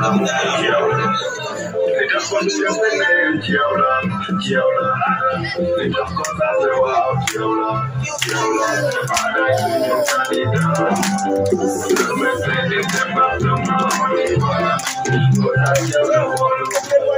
Kia ora. They just want you to name. Kia ora. Kia ora. They just want us to wow. Kia ora. Kia ora. Father, you can be done. The message is about the money. But I just want to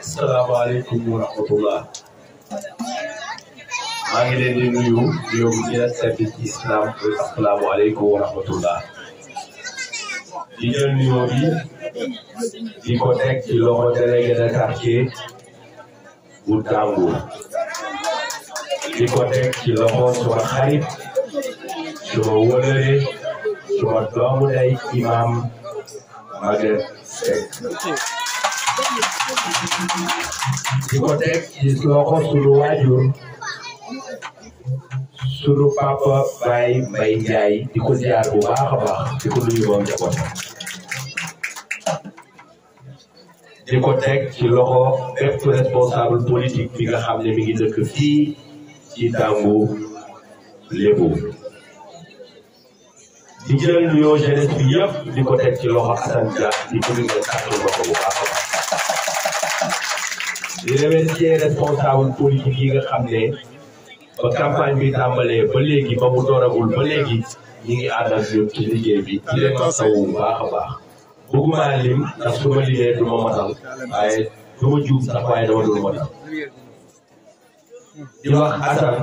salaamaaleykum wa rahmatullah maa ngi leen di nuyu yow dina service islam asalaamaaleykum wa rahmatullah di jël nuyoo bi di ko teg ci loxo xarit suma wëlëre suma doomu day imaam Maguette Seck di ko teg ci loxo sunu waajur sunu papa Baye Mbaye Ndiaye di ko ziar bu baax a baax di ko nuyu moom njabootam di ko teg ci loxo responsable politique bi nga xam ne mi ngi ci tàngu lébu di jël nuyoo bi yëpp di ko teg ci loxo Assane Dia di ko nuyu kàddu loxo bu baax a baax. di remercier responsable politique yi nga xam ne ba campagne bi tàmbalee ba léegi ba mu dooragul ba léegi ñu ngi ànd ak ci liggéey bi di leen taxawu bu baax a baax. bëgguma lim ndax su du ma matal waaye du ma juum sax waaye dama dul wax Assane.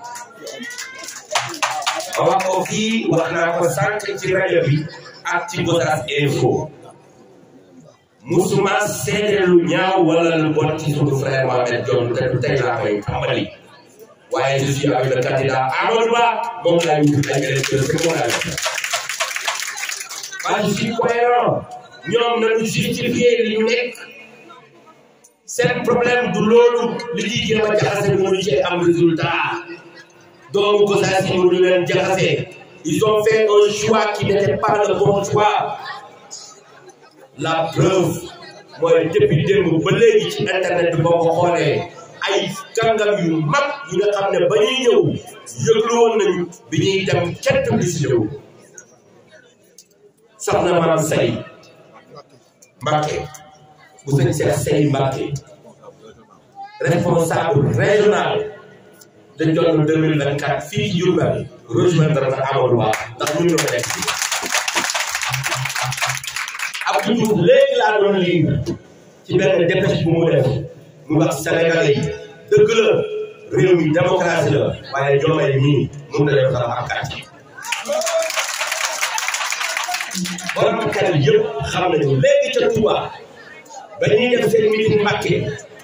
wax ko fii wax naa ko sànq ci rajo bi ak ci Gossas Info musuma seede lu ñaaw wala lu bon ci suñu frère Mohamed Dionne te du tey laa koy tàmbali waaye je suis avec le candidat Amadou Ba moom laa yuti ay électeurs c'est mon avis waaye seen problème du loolu li ñuy jéem a jaxase mënuñu ci am résultat Donc, ils ont fait un choix qui n'était pas le bon choix. La preuve, moi, depuis deux mois, je l'internet Internet de mon ay kàngam yu mag a nga xam ne ba a ñëw yëglu woon nañu bi ñuy dem kenn publicité soxna Vous responsable régional dañ jotoon 2024 fii ci Diourbel rejoindre na Amadou Ba ndax ñu ngi doon nekk fii. Abdou Diouf léegi laa doon lii ci benn dépêche bu mu def mu wax Sénégalais yi dëgg la réew mi démocratie la waaye Diomaye mii mun na def dara am kàcce. borom kàddu yëpp xam nañu léegi ca Touba ba ñuy def seen meeting Mbacké.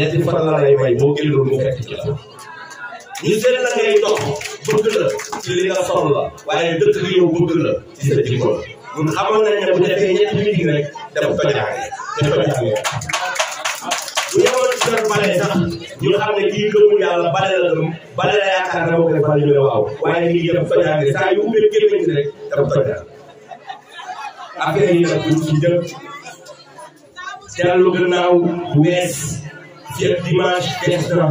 ñetti fan la lay may boo génnoon mu fekk ci la ñu seet la ngay dox bëgg la ci li nga soxla waaye dëkk bi yow bëgg la ci sa jikko la ñun xamoon nañ ne bu defee ñetti minutes rek def ko jàngee def ko jàngee bu yemoon ci seen bale sax ñu xam ne kii gëmul yàlla bale la gëm bale la yaakaar ne moom bale ñu ne waaw waaye lii def ko jàngee saa yu ubbee gémmiñ rek def ko jàngee affaire yi nag buñ ci jëm dellu gannaaw wees ci dimanche des na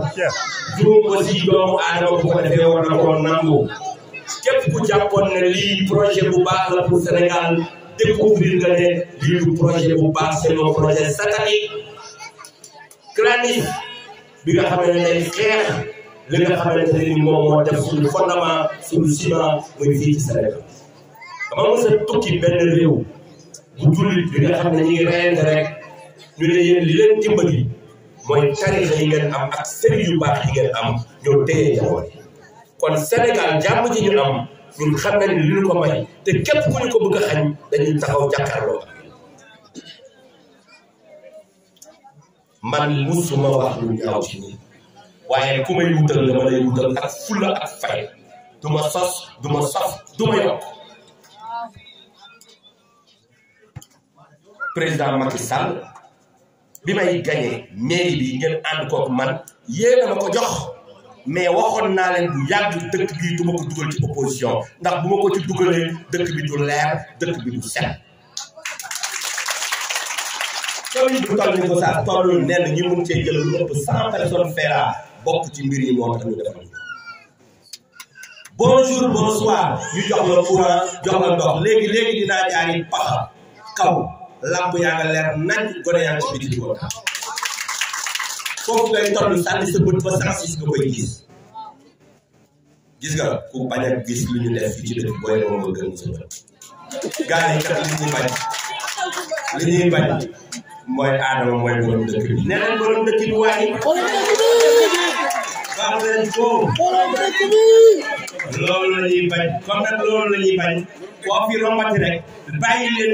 juum aussi doomu aadama bu ko defee war na koo nangu képp ku jàppoon ne lii projet bu baax la pour Sénégal découvrir ne lii projet bu baax c'est un projet bi nga xamante ne day xeex li nga xamante ne ni moo def suñu fondement suñu ciment muy fii ci Sénégal dama mos a tukki benn réew bu jullit bi nga xam ne ñu ngi reyante rek li leen dimbali mooy tarixa yi ngeen am ak sëriñ baax am jàmm ji ñu am ñun xam nañ li ñu ko may te képp ku ñu ko bëgg xañ dañuy taxaw jàkkaarloo man musuma wax lu ñaaw ci nii waaye ku may wutal dama lay wutal ak fulla ak fay du ma sos du ma sof yokk président Macky bi may gañee mairie bi ngeen ànd kook man yéena ma ko jox mais waxoon naa leen bu yàgg dëkk bi du ko dugal ci opposition ndax bu ma ko ci dugalee dëkk bi du leer dëkk bi du set commune bu ni ñi mun cee jël lu ëpp cent personnes feera bokk ci mbir yi moo tax ñu defal bonjour bonsoir ñu jox la courant jox la ndox léegi léegi dinaa jaari paxa kaw lamp ya nga leer nañ gone yaa ngi ci bi góor fofu lay toll sandi sa bët ba sax ci nga koy gis gis nga ku baña gis lu ñu def fii ci dëkk boy mo gën sa bët gaay yi kat li ñuy bañ li ñuy bañ moy adama moy borom dëkk bi nee borom dëkk bi waaye baax leen dëkk bi loolu la ñuy bañ comme nag loolu la ñuy bañ koo fi rombati rek bàyyi leen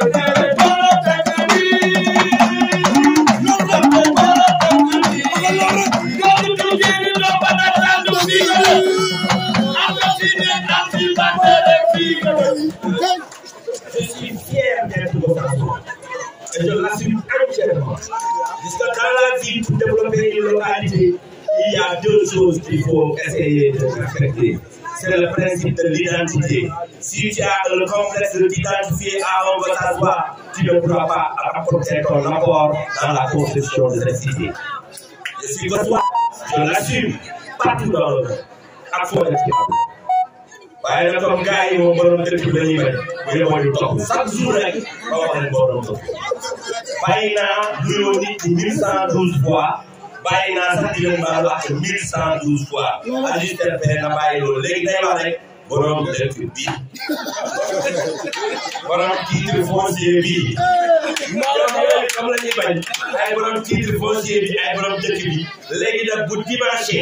Je suis fier d'être le Et je l'assume entièrement. Parce dans la vie, pour développer une localité, il y a deux choses qu'il faut essayer de respecter. C'est le principe de l'identité. Si tu as le complexe de l'identité à un vote tu ne pourras pas apporter ton apport dans la construction de cette cité. Je suis toi, je l'assume. partout dans le monde ak fu ma def ci àdduna waaye nag comme gars yi moom borom dëkk bi la ñuy bañ bu ñu mooy lu topp chaque jour rek ba wax leen borom topp bàyyi naa nuyoo nit ci mille cent douze fois bàyyi naa sax di leen baalu ak mille cent douze fois ajuster fee na bàyyi loolu léegi day wax rek borom dëkk bi borom titre foncier bi ñooñu comme la ñuy bañ ay borom titre foncier bi ay borom dëkk bi léegi nag bu dimanche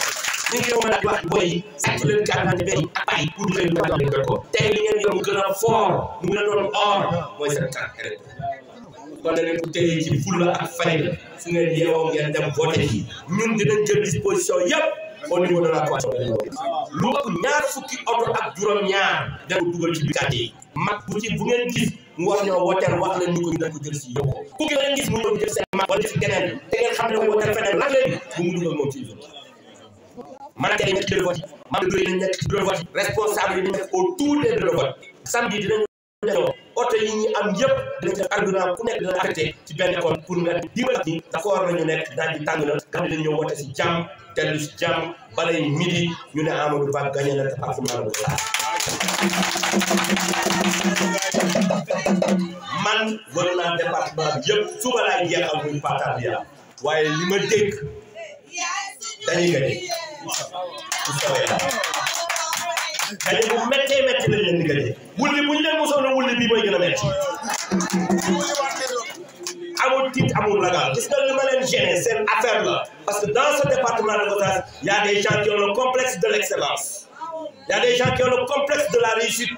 ñu ngi woon di wax booy yi sàcc leen ko tey li ngeen yor mu gën a fort mu gën a doon or mooy seen carte kon nag ku tey ci fulla ak fayda su ngeen yeewoo ngeen dem voté yi ñun dinañ jël disposition yëpp au niveau lu ñaar fukki oto ak juróom-ñaar dañ dugal ci biir carte mag bu ci bu ngeen gis mu wax ñoo woteel wax la ko ñu dañ ko jël si yóbbu ku ngeen gis mu ñëw jël te ngeen xam ne woteel feneen lan léegi bu mu dugal moom manager yi nekk ci vote membre yi nekk ci bureau vote responsable yi nekk autour des bureau vote samedi dinañ ñoo auto yi ñi am yépp dinañ def argument ku nekk dina affecté ci benn kon pour nga dimbal ni d'accord lañu nekk daal di tàng na xam dinañ ñëw wote si jam, dellu si jàmm balay midi ñu ne Amadou Ba gagné na département de Dakar man war naa département bi yépp suba laay jeexal muy partage waaye li ma dégg dañuy gagné dañu bu méttee métti lañ leen diggante wulli buñ leen mosoon a wulli bii mooy gën a métti amul tiit amul ragal gis nga li ma leen gêné seen affaire la parce que dans ce département de Gossas y a des gens qui ont le complexe de l'excellence y a des gens qui ont complexe de la réussite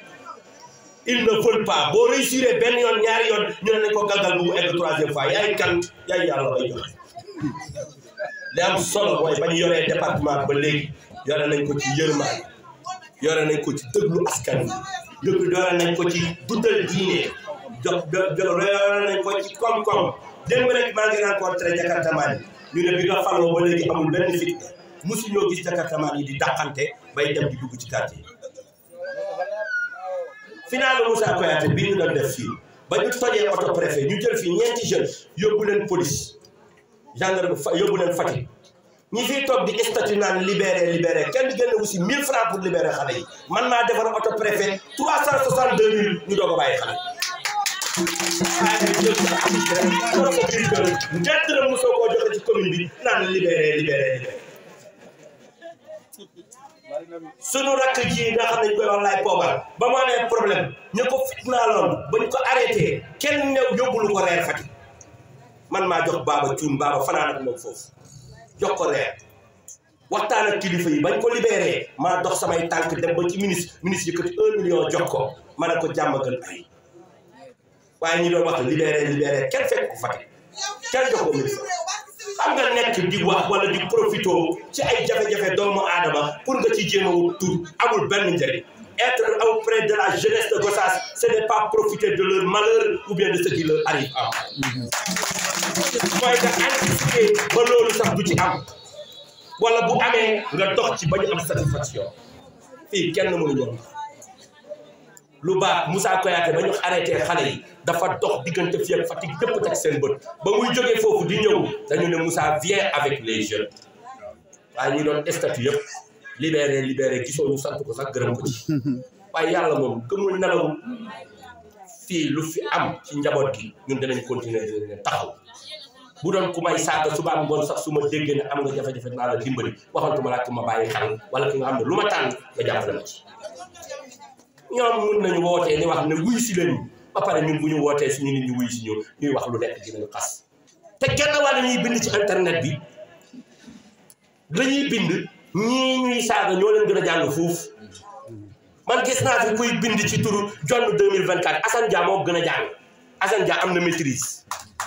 ils ne veulent pas boo réussir benn yoon ñaari yoon ñu ne nañ ko galgal bu mu egg troisième fois yaay kan yaay yàlla bay joxe li am solo mooy ba ñu yoree département ba léegi yore nañ ko ci yërmaal yore nañ ko ci déglu askan wi dëgg yore nañ ko ci dundal diine jox yore nañ ko ci koom-koom démb rek maa ngi rencontré jakartamaan yi ñu ne bi nga faloo ba léegi amul benn fitna musuñoo gis jakartamaan yi di dàqante bay dem di dugg ci quartier yi finalu Moussa Koyate bi ñu doon def fii ba ñu tojee oto préfet ñu jël fii ñeenti jeunes yóbbu leen police gendarme fa yóbbu leen Fatick ñi fiy toog di statut naan libéré libere kenn di génne aussi 1000 francs pour libérer xale yi man maa defar auto préfet 362 000 ñu doog a bàyyi xale commune bi naan libéré libéré libéré. sunu rakk ji nga xam ne ñu koy wax laay poobar ba mu amee problème ñu ko fitnaaloon ba ñu ko arrêté kenn new yóbbulu ko reer fati man maa jox baaba cuun baaba fanaan ak moom foofu jox ko reer waxtaan ak yi bañ ko libéré maa dox samay tànk dem ba ci ministre ministre yëkkati un million jox ko ma ko jàmm gën ay waaye ñi doon wax libéré libéré kenn fekk ko Fatick kenn jox ko ministre xam nga nekk di wax wala di profito ci ay jafe-jafe doomu aadama pour nga ci jéem a wut tur amul benn njëriñ être auprès de la jeunesse de Gossas ce n'est pas profiter de leur malheur ou de ce qui leur mooy nga anticiper ba loolu sax bu ci am wala bu amee nga dox ci ba ñu am satisfaction fii kenn mënu ñoom lu baax Moussa Koyaté ba ñu arrêté xale yi dafa dox diggante fii ak Fatick yëpp teg seen bët ba muy jógee foofu di ñëw dañu ne Moussa vient avec les jeunes waaye ñu doon statut yëpp libéré ki gisoo ñu sant ko sax gërëm ko ci waaye yàlla moom gëmul nelawul fii lu fi am ci njaboot gi ñun danañ continuer dinañ taxaw bu doon ku may saaga subaam ngoon sax su ma déggee am nga jafe-jafe naa la dimbali waxantuma laa ku ma bàyyi xel wala ki nga xam ne lu ma tàng nga jàppale ma ci ñoom mun nañu wootee ni wax na wuy si lañu ba pare ñun bu ñu wootee su ñu nit ñu wuy si ñu ñuy wax lu nekk dinañu xas te genn wàll ñuy bind ci internet bi dañuy bind ñii ñuy saaga ñoo leen gën a jàng fuuf man gis naa fi kuy bind ci turu jonn 2024 Assane Dia moo gën a jàng Assane Dia am na maîtrise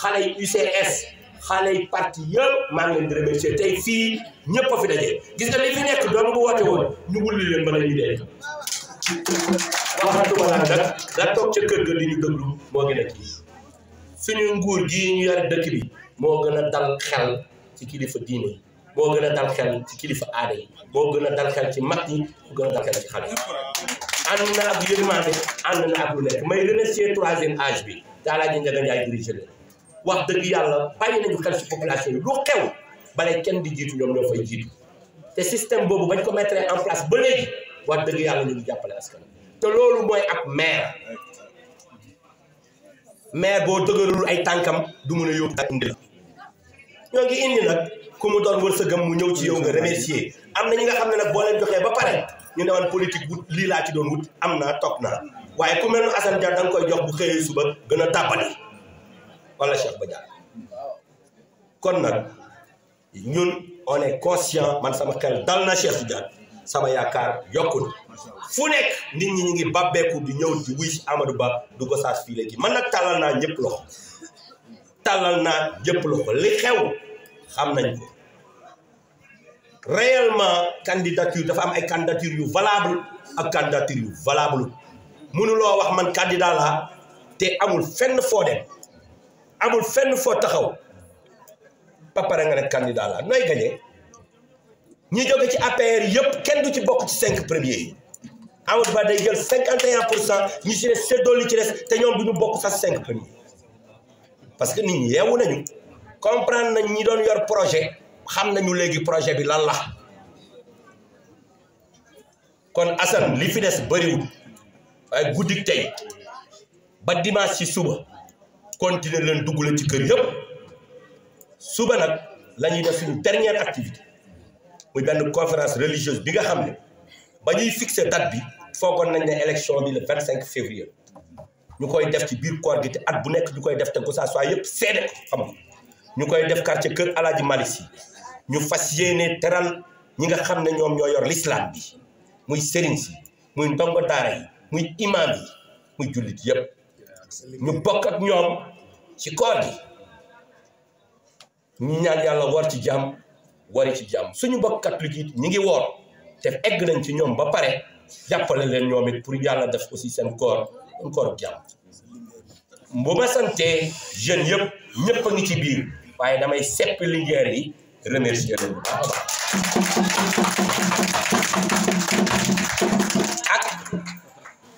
xalay UCS xalay parti yeup ma ngi leen di remercier tay fi ñepp fa fi dajé gis nga li fi nek doon bu wote won ñu wulli leen bala ñu dee waxatuma laa nag da tok ci kër ga di ñu déglu mo gëna ci suñu nguur gi ñu yar dëkk bi mo gëna dal xel ci kilifa diiné mo gëna dal xel ci kilifa aada mo gëna dal xel ci mat yi mo gëna dal xel ci xal and na ak yërmande and na ak lu nek may remercier troisième âge bi daalaa ñu njaga njaay dirigé wax dëgg yàlla bàyyi nañu xel ci population yi lu xew bale kenn di jiitu ñoom ñoo fay jiitu te système boobu bañ ko mettre en place ba léegi wax dëgg yàlla ñu ngi jàppale askan te loolu mooy ak maire maire boo dëgëralul ay tànkam du mun a yóbbu ak indi la ñoo ngi indi nag ku mu doon wërsëgam mu ñëw ci yow nga remercier am na ñi nga xam ne nag boo leen joxee ba pare ñu ne woon politique wut lii laa ci doon wut am naa toog naa waaye ku mel ne Assane Dia da bu xëyee suba gën a tàbbali wala Cheikh badia kon nak ñun on est conscient man sama xel dal na Cheikh badia sama yakar yokul fu nek nit ñi ñu ngi babbeeku di ñew di wuy Amadou Ba du ko saas fii léegi man nak talal na ñepp lox talal na ñepp lox li xew xam nañ ko réellement candidature dafa am ay candidature yu valable ak candidature yu valable lo wax man candidat la té amul fenn fo dem amul fenn foo taxaw ba pare nga ne candidat la nooy gagné ñi jóge ci APR yëpp kenn du ci bokk ci cinq premiers yi Amadou Ba day jël cinquante et un pour cent ñu ci des séddoo li ci des te ñoom du ñu bokk sax cinq premiers parce que nit ñi yeewu nañu comprendre nañ ñi doon yor projet xam nañu léegi projet bi lan la kon Assane li fi des bëriwul waaye guddik tey ba dimanche ci suba continuer leen duggale ci kër yëpp suba nag la ñuy def suñu dernière activité muy benn conférence religieuse bi nga xam ne ba ñuy fixé date bi foogoon nañ ne élection bi le vingt cinq février ñu koy def ci biir koor gi te at bu nekk ñu koy def te Gusaaswaay yëpp seede ko xam nga ñu koy def quartier kër Alaaji Malick Sy ñu fas yéene teral ñi nga xam ne ñoom ñoo yor lislaam bi muy sëriñ si muy ndongo daara yi muy imam yi muy jullit yëpp ñu bokk ak ñoom ci koor gi ñu ñaan yàlla war ci jàmm wari ci jàmm suñu bokk catholique yi ñi ngi woor te egg nañ ci ñoom ba pare jàppale leen ñoom pour yàlla def aussi seen koor seen koor jàmm bu ma santee jeunes yëpp ñëpp a ngi ci biir waaye damay sepp lingeer yi remercier leen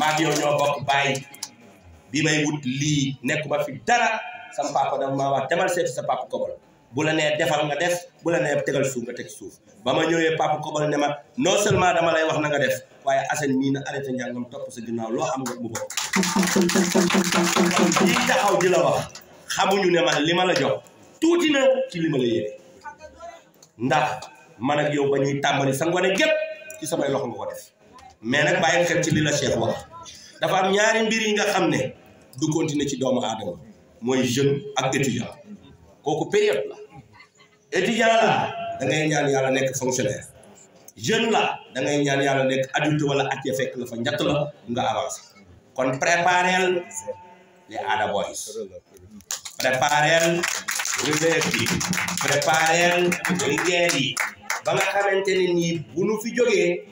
maag yow ñoo bokk bàyyi bi may wut lii ba fi dara sama papa dama maa wax demal seeti sa papa kobol bu la nee defal nga def bu la nee tegal suuf nga teg suuf ba ma ñëwee papa kobol ne ma non seulement dama lay wax na nga def waaye Assane mii na arrêté njàngam topp sa ginnaaw loo xam nga mu bokk lii taxaw di la wax xamuñu ne man li ma la jox tuuti na ci li ma la yéene ndax man ak yow ba ñuy tàmbali sa ngone gépp ci samay loxo nga ko def mais nag bàyyi xel ci li la Cheikh wax dafa am ñaari mbir yi nga xam ne du continuer ci doomu aadama mooy jeune ak étudiant kooku période la étudiant la da ñaan yàlla nekk fonctionnaire jeune la dangay ngay ñaan yàlla nekk adulte wala ak ya fekk la fa njatt la nga avancé kon préparel les Ada Boys préparel réserve préparel les guerres ba nga xamante ne nii bu nu fi jógee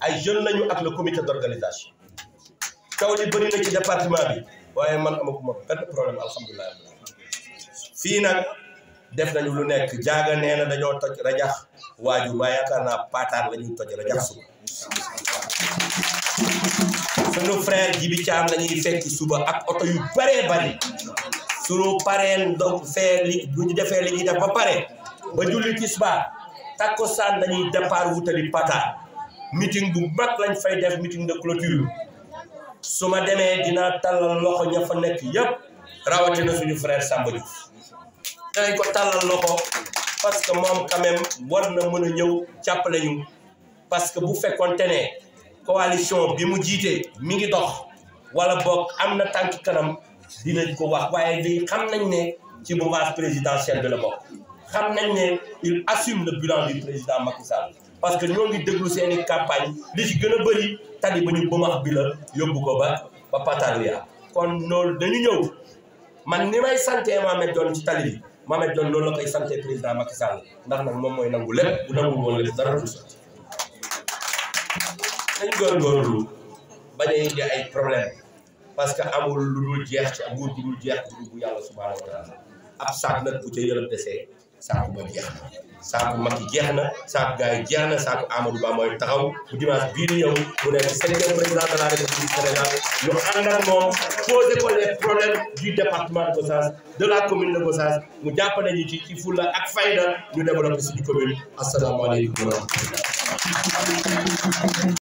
ay jeune lañu ak le comité d'organisation taw li bari na ci département bi waye man amaguma benn problème alhamdulilah fi nak def nañu lu nek jaaga neena dañu dañoo toj rajax waju maa yakarna patar lañu la toj rajax su sunu frère jibi cham la fekk suba ak auto yu bare bare suru parel donc fee li bu ñu li ñi def ba pare ba julli takko san dañuy départ wutali patar meeting bu mag lañ fay def meeting de clôture su ma demee dinaa tàllal loxo ña fa nekk yëpp rawatina suñu frère Samba Diouf danañ ko tàllal loxo parce que moom quand même war na mën a ñëw jàppale ñu parce que bu fekkoonte ne coalition bi mu jiitee mi ngi dox wala boog am na tànk kanam dinañ ko wax waaye day xam nañ ne ci mouvance présidentielle bi la bokk xam nañ ne il assume le bilan du président Macky Sall parce que ñoo ngi déglu seen i campagne li ci gën a bëri tali ba ñu bëmax bi la yóbbu ko ba ba pataalu kon loolu dañu ñëw man ni may sante Mohamed don ci tali bi Mohamed Dionne loolu la koy sante président Macky Sall ndax nag moom mooy nangu lépp bu nangul woon lépp dara du sotti dañ góorgóorlu bañ a indi ay problème parce que amul lu dul jeex ci nguur bu dul jeex ci bu yàlla subhanahu wa taala ab saat nag bu ca yërëm desee saaku ba jeex na saaku Macky jeex na saaku gars yi saaku Amadou Ba mooy taxaw bu dimanche bii di ñëw mu nekk cinquième président de la République du Sénégal ñu ànd ak moom posé ko les problèmes du département de Gossas de la commune de Gossas mu jàppale ci ci fulla ak fayda ñu développé suñu commune asalaamaaleykum wa rahmatulah